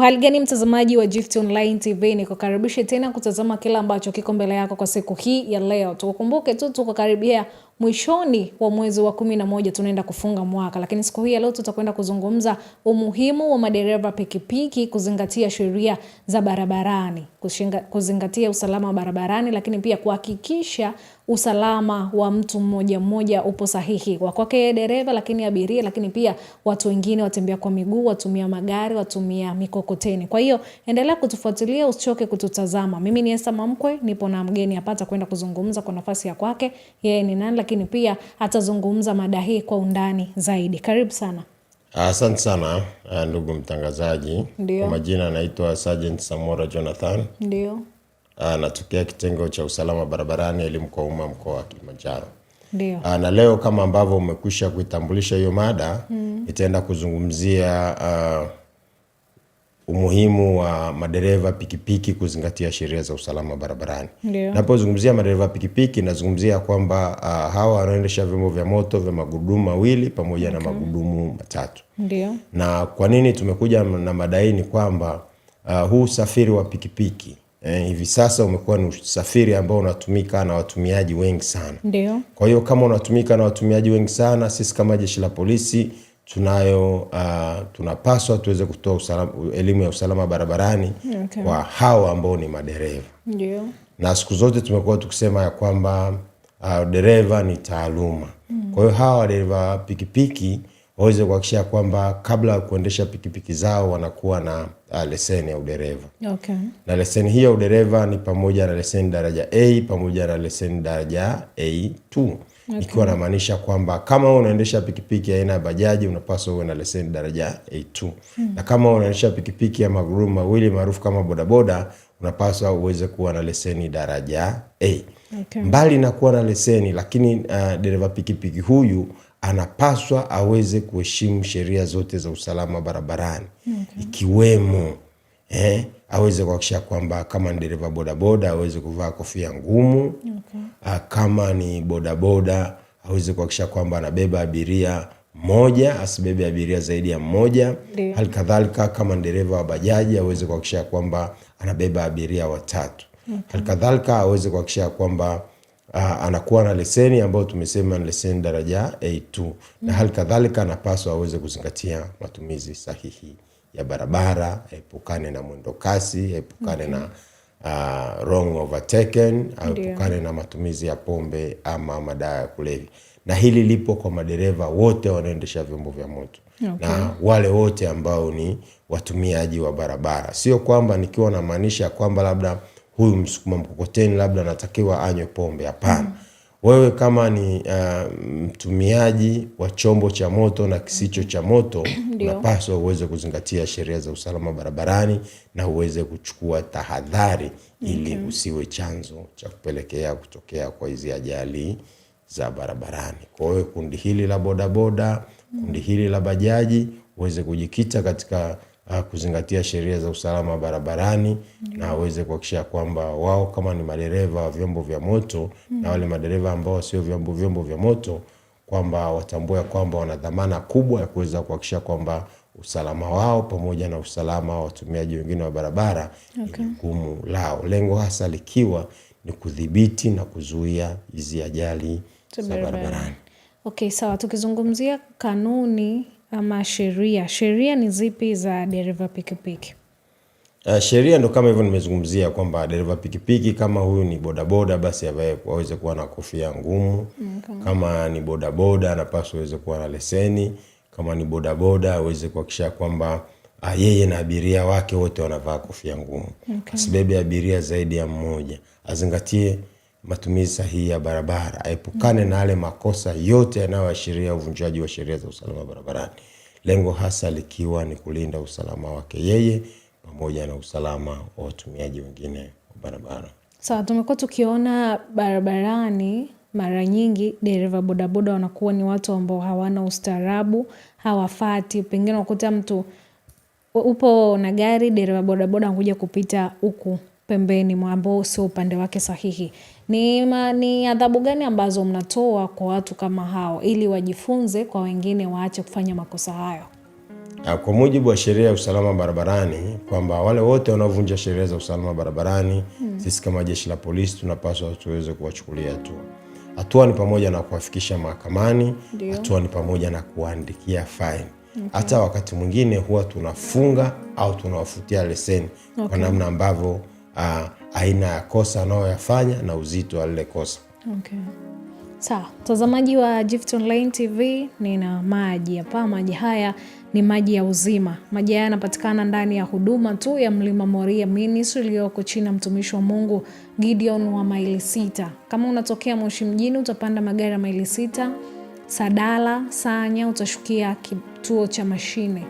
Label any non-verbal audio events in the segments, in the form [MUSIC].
Hali gani mtazamaji wa Gift Online TV, nikukaribishe tena kutazama kile ambacho kiko mbele yako kwa siku hii ya leo. Tukumbuke tu tuko karibia mwishoni wa mwezi wa kumi na moja, tunaenda kufunga mwaka, lakini siku hii ya leo tutakwenda kuzungumza umuhimu wa madereva pikipiki kuzingatia sheria za barabarani, kuzingatia usalama wa barabarani, lakini pia kuhakikisha usalama wa mtu mmoja mmoja upo sahihi kwa kwake dereva, lakini abiria, lakini pia watu wengine, watembea kwa miguu, watumia magari, watumia mikokoteni. Kwa hiyo endelea kutufuatilia, usichoke kututazama. Mimi ni Esther Mamkwe, nipo na mgeni apata kwenda kuzungumza kwa nafasi ya kwake yeye ni nani, lakini pia atazungumza mada hii kwa undani zaidi. Karibu sana. Asante sana eh, ndugu mtangazaji. Kwa majina anaitwa Sergeant Samora Jonathan. Ndiyo anatokea ah, kitengo cha usalama barabarani, elimu kwa umma, mkoa wa Kilimanjaro. Ndio. Ah, na leo kama ambavyo umekwisha kuitambulisha hiyo mada mm. Itaenda kuzungumzia uh, umuhimu wa madereva pikipiki kuzingatia sheria za usalama barabarani. Napozungumzia madereva pikipiki, nazungumzia kwamba uh, hawa wanaendesha vyombo vya moto vya magurudumu mawili pamoja okay. na magurudumu matatu. Ndio. Na kwa nini tumekuja na madaini Ni kwamba uh, huu usafiri wa pikipiki eh, hivi sasa umekuwa ni usafiri ambao unatumika na watumiaji wengi sana. Ndio. Kwa hiyo kama unatumika na watumiaji wengi sana, sisi kama jeshi la polisi tunayo uh, tunapaswa tuweze kutoa elimu ya usalama barabarani okay, kwa hawa ambao ni madereva. Ndio. Na siku zote tumekuwa tukisema ya kwamba uh, dereva ni taaluma. Mm. Kwa hiyo hawa dereva pikipiki waweze kuhakikisha kwamba kabla ya kuendesha pikipiki zao wanakuwa na uh, leseni ya udereva okay. Na leseni hiyo ya udereva ni pamoja na leseni daraja A pamoja na leseni daraja A2 okay. Ikiwa namaanisha kwamba kama unaendesha pikipiki aina ya bajaji unapaswa uwe na leseni daraja A2 hmm. Na kama unaendesha pikipiki ya magurudumu mawili maarufu kama bodaboda unapaswa uweze kuwa na leseni daraja A okay. Mbali na kuwa na leseni lakini uh, dereva pikipiki huyu anapaswa aweze kuheshimu sheria zote za usalama barabarani okay. Ikiwemo eh, aweze kuhakikisha kwamba kama ni dereva bodaboda aweze kuvaa kofia ngumu okay. Ah, kama ni bodaboda aweze kuhakikisha kwamba anabeba abiria mmoja asibebe abiria zaidi ya mmoja. Hali kadhalika kama ni dereva wa bajaji aweze kuhakikisha kwamba anabeba abiria watatu. Hali kadhalika aweze kuhakikisha kwamba uh, anakuwa na leseni ambayo tumesema ni leseni daraja A2 mm. na hali kadhalika anapaswa aweze kuzingatia matumizi sahihi ya barabara, aepukane na mwendo kasi, aepukane okay. na uh, wrong overtaken, aepukane na matumizi ya pombe ama madawa ya kulevya, na hili lipo kwa madereva wote wanaoendesha vyombo vya moto okay. na wale wote ambao ni watumiaji wa barabara. Sio kwamba nikiwa namaanisha kwamba labda huyu msukuma mkokoteni labda anatakiwa anywe pombe. Hapana. Wewe kama ni uh, mtumiaji wa chombo cha moto na kisicho cha moto [CLEARS THROAT] unapaswa uweze kuzingatia sheria za usalama barabarani na uweze kuchukua tahadhari ili -hmm. usiwe chanzo cha kupelekea kutokea kwa hizi ajali za barabarani. Kwa hiyo kundi hili la bodaboda, mm. kundi hili la bajaji uweze kujikita katika Uh, kuzingatia sheria za usalama barabarani na aweze kuhakikisha kwamba wao kama ni madereva wa vyombo vya moto na wale madereva ambao sio vyombo vyombo vya moto kwamba watambue kwamba wana dhamana kubwa ya kuweza kuhakikisha kwamba usalama wao pamoja na usalama wa watumiaji wengine wa barabara okay, jukumu lao, lengo hasa likiwa ni kudhibiti na kuzuia hizi ajali za barabarani. Okay, sawa. Tukizungumzia kanuni ama sheria. Sheria ni zipi za dereva pikipiki? Uh, sheria ndo kama hivyo nimezungumzia kwamba dereva pikipiki kama huyu ni bodaboda basi aweze kuwa na kofia ngumu. Mm, okay. Kama ni bodaboda anapaswa aweze kuwa na leseni. Kama ni bodaboda aweze kuhakikisha kwamba ah, yeye na abiria wake wote wanavaa kofia ngumu. Okay. Asibebe abiria zaidi ya mmoja, azingatie matumizi sahihi ya barabara, aepukane mm -hmm. na yale makosa yote yanayoashiria uvunjaji wa sheria za usalama barabarani lengo hasa likiwa ni kulinda usalama wake yeye pamoja na usalama wa watumiaji wengine wa barabara. Sawa, so, tumekuwa tukiona barabarani mara nyingi dereva bodaboda wanakuwa ni watu ambao hawana ustaarabu, hawafati. Pengine unakuta mtu upo na gari, dereva bodaboda anakuja kupita huku pembeni ambao sio upande wake sahihi. Ni, ma, ni adhabu gani ambazo mnatoa kwa watu kama hao ili wajifunze kwa wengine waache kufanya makosa hayo? Kwa mujibu wa sheria ya usalama barabarani kwamba wale wote wanaovunja sheria za usalama barabarani hmm, sisi kama jeshi la polisi tunapaswa tuweze kuwachukulia hatua. Hatua ni pamoja na kuwafikisha mahakamani, hatua ni pamoja na kuwaandikia faini. Okay. Hata wakati mwingine huwa tunafunga au tunawafutia leseni okay, kwa namna ambavyo uh, aina ya kosa anayoyafanya na uzito wa lile kosa. Okay. Sawa, mtazamaji wa Gift Online TV, nina maji hapa. Maji haya ni maji ya uzima. Maji haya yanapatikana ndani ya huduma tu ya Mlima Moria Ministry iliyoko chini ya mtumishi wa Mungu Gideon wa maili sita. Kama unatokea Moshi mjini, utapanda magari ya maili sita Sadala Sanya, utashukia kituo cha mashine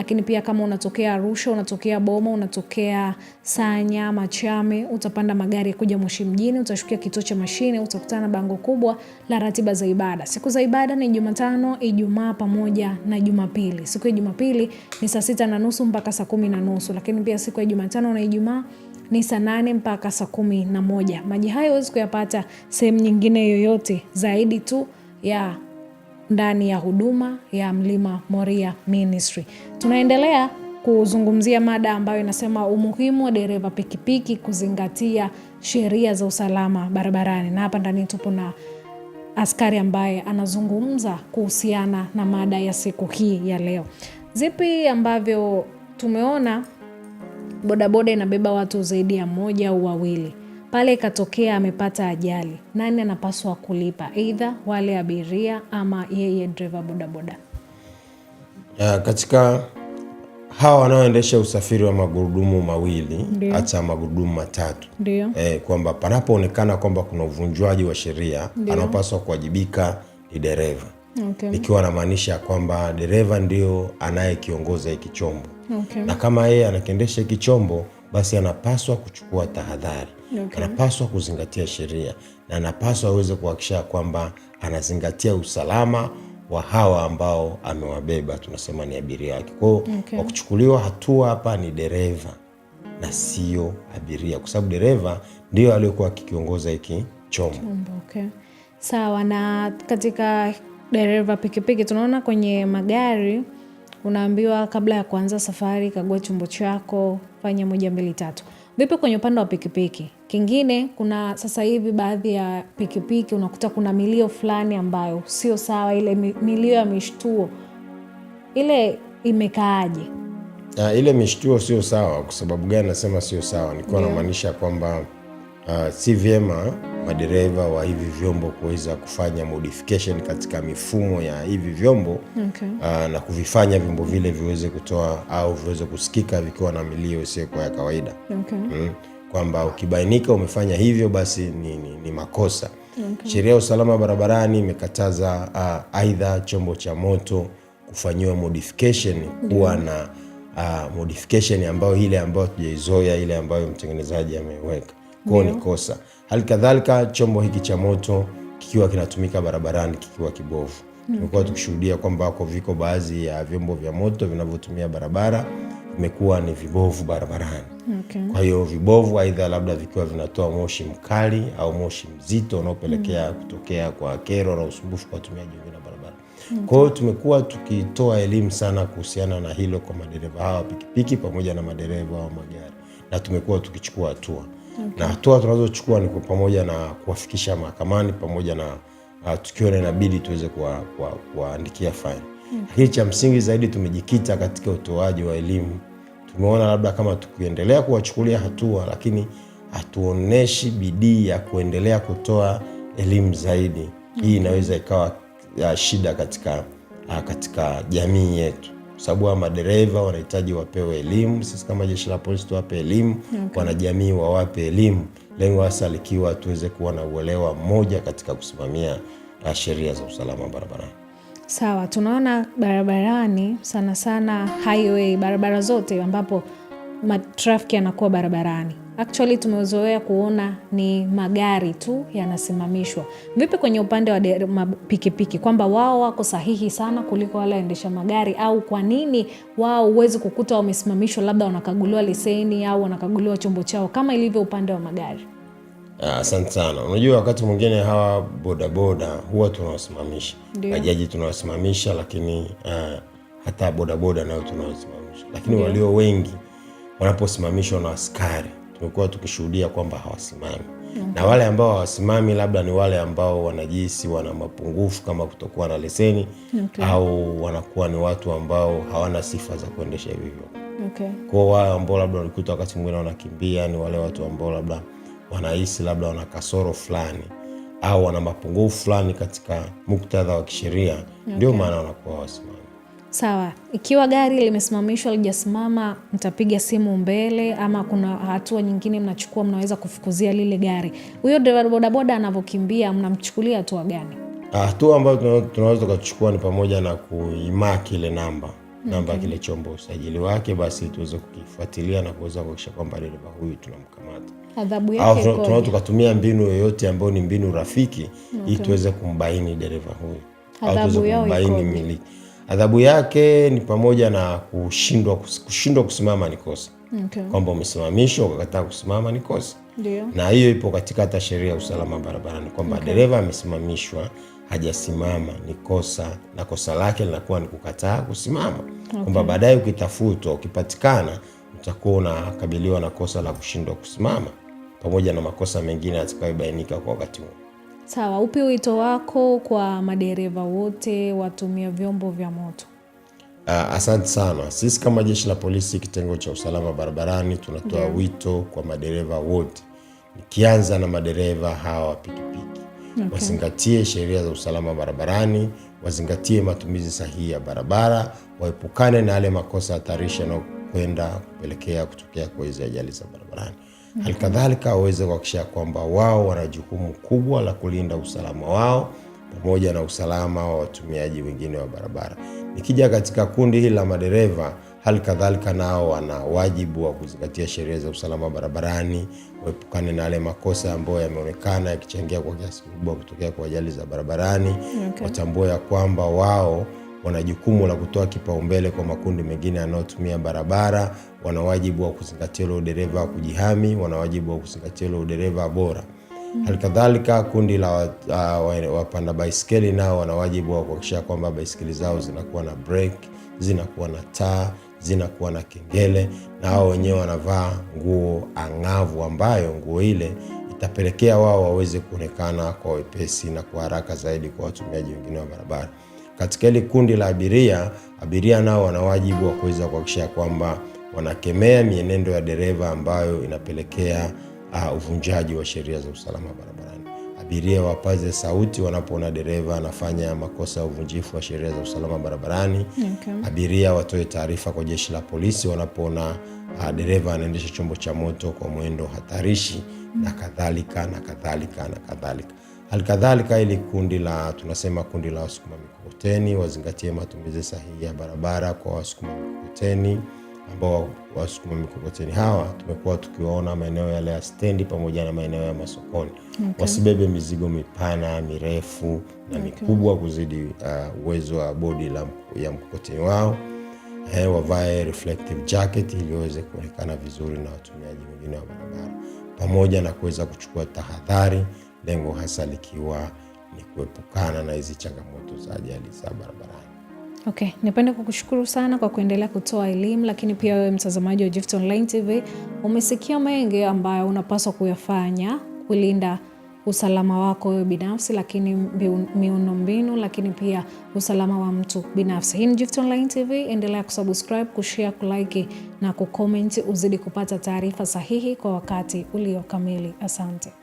lakini pia kama unatokea Arusha, unatokea Boma, unatokea Sanya, Machame, utapanda magari ya kuja Moshi mjini, utashukia kituo cha mashine, utakutana na bango kubwa la ratiba za ibada. Siku za ibada ni Jumatano, Ijumaa pamoja na Jumapili. Siku ya Jumapili ni saa sita na nusu mpaka saa kumi na nusu, lakini pia siku ya Jumatano na Ijumaa ni saa nane mpaka saa kumi na moja. Maji hayo huwezi kuyapata sehemu nyingine yoyote zaidi tu ya ndani ya huduma ya Mlima Moria Ministry. Tunaendelea kuzungumzia mada ambayo inasema umuhimu wa dereva pikipiki kuzingatia sheria za usalama barabarani, na hapa ndani tupo na askari ambaye anazungumza kuhusiana na mada ya siku hii ya leo. Zipi ambavyo tumeona bodaboda inabeba watu zaidi ya moja au wawili, pale ikatokea amepata ajali, nani anapaswa kulipa? Aidha wale abiria ama yeye dreva bodaboda? Ya, katika hawa wanaoendesha usafiri wa magurudumu mawili hata magurudumu matatu eh, kwamba panapoonekana kwamba kuna uvunjwaji wa sheria anaopaswa kuwajibika ni dereva okay. Ikiwa anamaanisha kwamba dereva ndio anayekiongoza hiki chombo okay. Na kama yeye anakiendesha hiki chombo basi anapaswa kuchukua tahadhari okay. Anapaswa kuzingatia sheria na anapaswa aweze kuhakikisha kwamba anazingatia usalama wa hawa ambao amewabeba, tunasema ni abiria yake. kwao okay. Wa kuchukuliwa hatua hapa ni dereva na sio abiria, kwa sababu dereva ndiyo aliyokuwa akikiongoza hiki chombo, chombo okay. Sawa. Na katika dereva pikipiki tunaona kwenye magari unaambiwa kabla ya kuanza safari, kagua chombo chako, fanya moja mbili tatu. Vipi kwenye upande wa pikipiki? Kingine kuna sasa hivi baadhi ya pikipiki unakuta kuna milio fulani ambayo sio sawa, ile milio ya mishtuo ile imekaaje? Ah, ile mishtuo sio sawa. Kwa sababu gani nasema sio sawa? yeah. namaanisha kwamba uh, si vyema eh, madereva wa hivi vyombo kuweza kufanya modification katika mifumo ya hivi vyombo okay. Uh, na kuvifanya vyombo vile viweze kutoa au viweze kusikika vikiwa na milio isiyokuwa ya kawaida okay. Mm, kwamba ukibainika umefanya hivyo basi ni, ni, ni makosa okay. Sheria ya usalama barabarani imekataza ah, aidha chombo cha moto kufanyiwa modification kuwa na uh, modification ambayo ile ambayo tujaizoea ile ambayo mtengenezaji ameweka kwao ni kosa. Hali kadhalika chombo hiki cha moto kikiwa kinatumika barabarani kikiwa kibovu, tumekuwa tukishuhudia kwamba kwa viko baadhi ya vyombo vya moto vinavyotumia barabara vimekuwa ni vibovu barabarani. Okay. Kwa hiyo vibovu, aidha labda vikiwa vinatoa moshi mkali au moshi mzito unaopelekea mm. kutokea kwa kero na usumbufu kwa watumiaji wengine wa barabara. Okay. Kwa hiyo tumekuwa tukitoa elimu sana kuhusiana na hilo kwa madereva hawa pikipiki pamoja na madereva wa magari na tumekuwa tukichukua hatua okay. Na hatua tunazochukua ni kwa pamoja na kuwafikisha mahakamani pamoja na uh, tukiona inabidi tuweze kuwaandikia faini hmm. Lakini cha msingi zaidi tumejikita katika utoaji wa elimu. Tumeona labda kama tukiendelea kuwachukulia hatua, lakini hatuoneshi bidii ya kuendelea kutoa elimu zaidi hmm. Hii inaweza ikawa uh, shida katika, uh, katika jamii yetu sababu hawa madereva wanahitaji wapewe elimu. Sisi kama jeshi la polisi tuwape elimu okay. Wanajamii wawape elimu, lengo hasa likiwa tuweze kuwa na uelewa mmoja katika kusimamia ah, sheria za usalama barabarani. Sawa, tunaona barabarani sana sana highway, barabara zote ambapo matrafiki yanakuwa barabarani actually tumezoea kuona ni magari tu yanasimamishwa. Vipi kwenye upande wa pikipiki, kwamba wao wako sahihi sana kuliko wale waendesha magari? Au kwa nini wao huwezi kukuta wamesimamishwa, labda wanakaguliwa leseni au wanakaguliwa chombo chao kama ilivyo upande wa magari? Ah, asante sana. Unajua, wakati mwingine hawa bodaboda huwa tunawasimamisha, bajaji tunawasimamisha, lakini uh, hata bodaboda nayo tunawasimamisha, lakini walio wengi wanaposimamishwa na askari tumekuwa tukishuhudia kwamba hawasimami mm-hmm. Na wale ambao hawasimami labda ni wale ambao wanajisi wana mapungufu kama kutokuwa na leseni okay. Au wanakuwa ni watu ambao hawana sifa za kuendesha hivyo okay. kwao wale ambao labda walikuta wakati mwingine wanakimbia ni wale watu ambao labda wanahisi labda wana kasoro fulani au wana mapungufu fulani katika muktadha wa kisheria okay. Ndio maana wanakuwa hawasimami. Sawa, ikiwa gari limesimamishwa lijasimama, mtapiga simu mbele, ama kuna hatua nyingine mnachukua, mnaweza kufukuzia lile gari. Huyo dereva bodaboda anavyokimbia, mnamchukulia hatua gani? Hatua ambayo tunaweza tukachukua ni pamoja na kuimaki ile namba namba mm-hmm. kile chombo usajili wake, basi tuweze kukifuatilia na kuweza kuhakikisha kwamba dereva huyu tunamkamata. Adhabu yake tunaweza tukatumia mbinu yoyote ambayo ni mbinu rafiki, okay, ili tuweze kumbaini dereva huyu au tuweze kumbaini miliki adhabu yake ni pamoja na kushindwa kushindwa kusimama ni kosa okay. Kwamba umesimamishwa ukakataa kusimama ni kosa Na hiyo ipo katika hata sheria ya usalama barabarani kwamba okay. Dereva amesimamishwa hajasimama ni kosa, na kosa lake linakuwa ni kukataa kusimama okay. Kwamba baadaye ukitafutwa, ukipatikana utakuwa unakabiliwa na kosa la kushindwa kusimama pamoja na makosa mengine atakayobainika kwa wakati huo. Sawa, upe wito wako kwa madereva wote watumia vyombo vya moto. Ah, asante sana. Sisi kama Jeshi la Polisi kitengo cha usalama barabarani tunatoa yeah, wito kwa madereva wote, nikianza na madereva hawa wa pikipiki okay, wazingatie sheria za usalama barabarani, wazingatie matumizi sahihi ya barabara, waepukane na yale makosa hatarishi yanayokwenda kupelekea kutokea kwa hizi ajali za barabarani. Halikadhalika waweze kuhakikisha kwamba wao wana jukumu kubwa la kulinda usalama wao pamoja na usalama wa watumiaji wengine wa barabara. Nikija katika kundi hili la madereva, hali kadhalika nao wana wajibu wa kuzingatia sheria za usalama barabarani, waepukane na yale makosa ambayo yameonekana yakichangia kwa kiasi kikubwa kutokea kwa ajali za barabarani. Mm, okay. Watambue ya kwamba wao wana jukumu la kutoa kipaumbele kwa makundi mengine yanayotumia barabara, wana wajibu wa kuzingatia ule udereva wa kujihami, wana wajibu wa kuzingatia ule udereva bora. Mm. Halikadhalika, kundi la uh, wapanda baiskeli nao wana wajibu wa kuhakikisha kwamba baiskeli zao zinakuwa na brake, zinakuwa na taa, zinakuwa na kengele, na wao wenyewe wanavaa nguo ang'avu, ambayo nguo ile itapelekea wao waweze kuonekana kwa wepesi na kwa haraka zaidi kwa watumiaji wengine wa barabara katika ile kundi la abiria, abiria nao wana wajibu wa kuweza kuhakikisha kwamba wanakemea mienendo ya dereva ambayo inapelekea uh, uvunjaji wa sheria za usalama barabarani. Abiria wapaze sauti wanapoona dereva anafanya makosa ya uvunjifu wa sheria za usalama barabarani. Okay. Abiria watoe taarifa kwa jeshi la polisi wanapoona uh, dereva anaendesha chombo cha moto kwa mwendo hatarishi, mm. na kadhalika na kadhalika na kadhalika. Halikadhalika, ili kundi la tunasema kundi la wasukuma mikokoteni wazingatie matumizi sahihi ya barabara kwa wasukuma mikokoteni, ambao wasukuma mikokoteni hawa tumekuwa tukiwaona maeneo yale ya stendi pamoja na maeneo ya masokoni. Okay. Wasibebe mizigo mipana mirefu na okay, mikubwa kuzidi uh, uwezo wa bodi ya mkokoteni wao. He, eh, wavae reflective jacket ili waweze kuonekana vizuri na watumiaji wengine wa barabara pamoja na kuweza kuchukua tahadhari lengo hasa likiwa ni kuepukana na hizi changamoto za ajali za barabarani. Okay, nipende kukushukuru sana kwa kuendelea kutoa elimu, lakini pia wewe mtazamaji wa Gift Online TV umesikia mengi ambayo unapaswa kuyafanya kulinda usalama wako wewe binafsi, lakini miundombinu, lakini pia usalama wa mtu binafsi. Hii ni Gift Online TV, endelea kusubscribe, kushare, kulike na kucomment, uzidi kupata taarifa sahihi kwa wakati uliokamili. Asante.